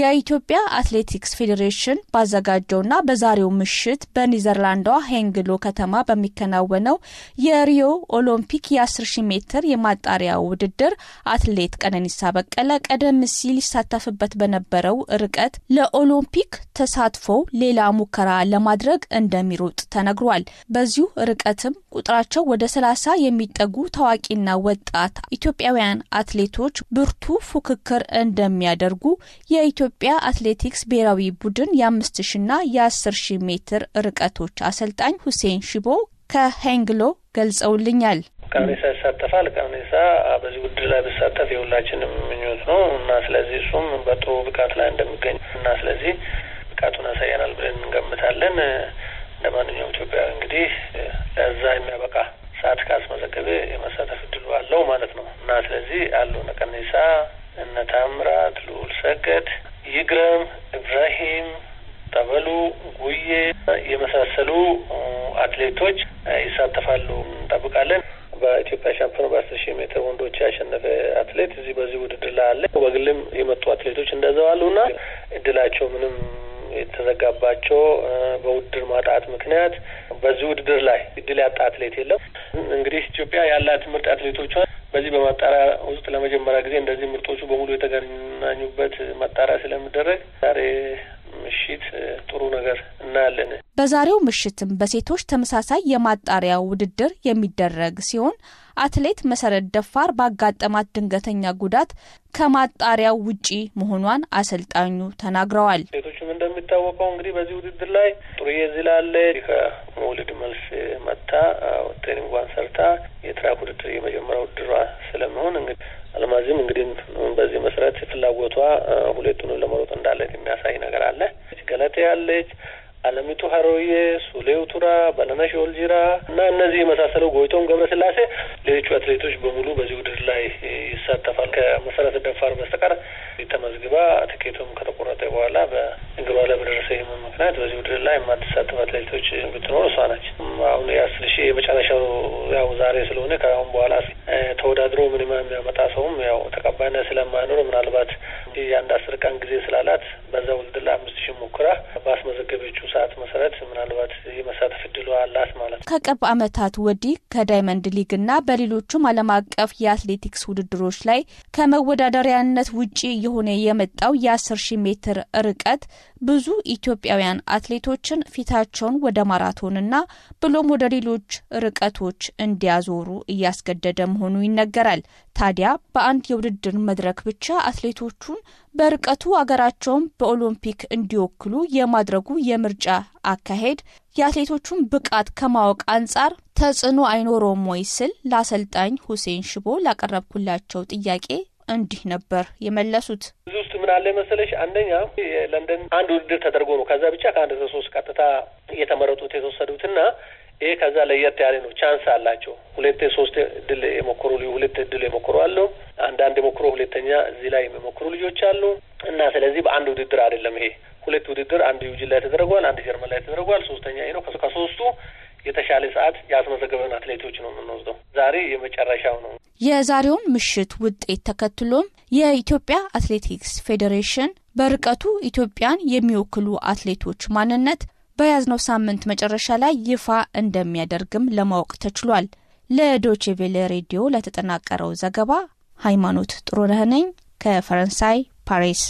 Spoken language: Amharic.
የኢትዮጵያ አትሌቲክስ ፌዴሬሽን ባዘጋጀውና በዛሬው ምሽት በኒዘርላንዷ ሄንግሎ ከተማ በሚከናወነው የሪዮ ኦሎምፒክ የ10 ሺ ሜትር የማጣሪያ ውድድር አትሌት ቀነኒሳ በቀለ ቀደም ሲል ይሳተፍበት በነበረው ርቀት ለኦሎምፒክ ተሳትፎ ሌላ ሙከራ ለማድረግ እንደሚሮጥ ተነግሯል። በዚሁ ርቀትም ቁጥራቸው ወደ 30 የሚጠጉ ታዋቂና ወጣት ኢትዮጵያውያን አትሌቶች ብርቱ ፉክክር እንደሚያደርጉ የኢትዮ የኢትዮጵያ አትሌቲክስ ብሔራዊ ቡድን የአምስት ሺና የአስር ሺህ ሜትር ርቀቶች አሰልጣኝ ሁሴን ሽቦ ከሄንግሎ ገልጸውልኛል። ቀኔሳ ይሳተፋል። ቀኔሳ በዚህ ውድድር ላይ ብሳተፍ የሁላችንም ምኞት ነው እና ስለዚህ እሱም በጥሩ ብቃት ላይ እንደሚገኝ እና ስለዚህ ብቃቱን ያሳየናል ብለን እንገምታለን። እንደ ማንኛውም ኢትዮጵያዊ እንግዲህ ለዛ የሚያበቃ ሰዓት ካስመዘገበ የመሳተፍ እድሉ አለው ማለት ነው እና ስለዚህ አሉ እነ ቀነኒሳ፣ እነ ታምራት ልዑል ሰገድ ይግረም፣ ኢብራሂም ጠበሉ፣ ጉዬ የመሳሰሉ አትሌቶች ይሳተፋሉ እንጠብቃለን። በኢትዮጵያ ሻምፒዮን በአስር ሺህ ሜትር ወንዶች ያሸነፈ አትሌት እዚህ በዚህ ውድድር ላይ አለ። በግልም የመጡ አትሌቶች እንደዛው አሉና እድላቸው ምንም የተዘጋባቸው በውድድር ማጣት ምክንያት በዚህ ውድድር ላይ እድል ያጣ አትሌት የለም። እንግዲህ ኢትዮጵያ ያላት ምርጥ አትሌቶቿ በዚህ በማጣሪያ ውስጥ ለመጀመሪያ ጊዜ እንደዚህ ምርቶቹ በሙሉ የተገናኙበት ማጣሪያ ስለሚደረግ ዛሬ ምሽት ጥሩ ነገር እናያለን። በዛሬው ምሽትም በሴቶች ተመሳሳይ የማጣሪያ ውድድር የሚደረግ ሲሆን አትሌት መሰረት ደፋር ባጋጠማት ድንገተኛ ጉዳት ከማጣሪያው ውጪ መሆኗን አሰልጣኙ ተናግረዋል። እንደሚታወቀው እንግዲህ በዚህ ውድድር ላይ ጥሩዬ ዝላለ ከመውልድ መልስ መታ ትሬኒንጓን ሰርታ የትራክ ውድድር የመጀመሪያ ውድድሯ ስለመሆን እንግዲህ አልማዝም እንግዲህ በዚህ መሰረት ፍላጎቷ ሁለቱንም ለመሮጥ እንዳለት የሚያሳይ ነገር አለ። ገለቴ ያለች አለሚቱ ሀሮዬ፣ ሱሌው ቱራ፣ በለነሽ ኦልጂራ እና እነዚህ የመሳሰለው ጎይቶም ገብረስላሴ ሌሎቹ አትሌቶች በሙሉ በዚህ ውድድር ላይ ይሳተፋል። ከመሰረት ደፋር በስተቀር ተመዝግባ ትኬቶም ከቆረጠ በኋላ በእግሯ ላይ በደረሰ ህመም ምክንያት በዚህ ውድድር ላይ የማትሳተፍ አትሌቶች ብትኖር እሷ ነች። አሁን የአስር ሺህ የመጨረሻው ያው ዛሬ ስለሆነ ከአሁን በኋላ ተወዳድሮ ምንም የሚያመጣ ሰውም ያው ተቀባይነት ስለማይኖር ምናልባት የአንድ አስር ቀን ጊዜ ስላላት በዛ ውድድር ላይ አምስት ሺህ ሞክራ ባስመዘገበችው ሰዓት መሰረት ምናልባት የመሳተፍ እድሉ አላት ማለት ነው። ከቅርብ አመታት ወዲህ ከዳይመንድ ሊግ እና በሌሎቹም ዓለም አቀፍ የአትሌቲክስ ውድድሮች ላይ ከመወዳደሪያነት ውጪ የሆነ የመጣው የአስር ሺህ ሜ ሜትር ርቀት ብዙ ኢትዮጵያውያን አትሌቶችን ፊታቸውን ወደ ማራቶንና ብሎም ወደ ሌሎች ርቀቶች እንዲያዞሩ እያስገደደ መሆኑ ይነገራል። ታዲያ በአንድ የውድድር መድረክ ብቻ አትሌቶቹን በርቀቱ አገራቸውን በኦሎምፒክ እንዲወክሉ የማድረጉ የምርጫ አካሄድ የአትሌቶቹን ብቃት ከማወቅ አንጻር ተጽዕኖ አይኖረውም ወይ ስል ለአሰልጣኝ ሁሴን ሽቦ ላቀረብኩላቸው ጥያቄ እንዲህ ነበር የመለሱት። እዚህ ውስጥ ምን አለ መሰለሽ፣ አንደኛ ለንደን አንድ ውድድር ተደርጎ ነው። ከዛ ብቻ ከአንድ ሶስት ቀጥታ እየተመረጡት የተወሰዱት የተወሰዱትና ይሄ ከዛ ለየት ያለ ነው። ቻንስ አላቸው። ሁለት ሶስት እድል የሞክሩ ሁለት እድል የሞክሩ አሉ። አንዳንድ የሞክሮ ሁለተኛ እዚህ ላይ የሚሞክሩ ልጆች አሉ እና ስለዚህ በአንድ ውድድር አይደለም ይሄ ሁለት ውድድር፣ አንድ ዩጂን ላይ ተደርጓል፣ አንድ ጀርመን ላይ ተደርጓል። ሶስተኛ ነው። ከሶስቱ የተሻለ ሰዓት ያስመዘገበን አትሌቶች ነው የምንወስደው። ዛሬ የመጨረሻው ነው። የዛሬውን ምሽት ውጤት ተከትሎም የኢትዮጵያ አትሌቲክስ ፌዴሬሽን በርቀቱ ኢትዮጵያን የሚወክሉ አትሌቶች ማንነት በያዝነው ሳምንት መጨረሻ ላይ ይፋ እንደሚያደርግም ለማወቅ ተችሏል። ለዶቼቬሌ ሬዲዮ ለተጠናቀረው ዘገባ ሃይማኖት ጥሩነህ ነኝ ከፈረንሳይ ፓሪስ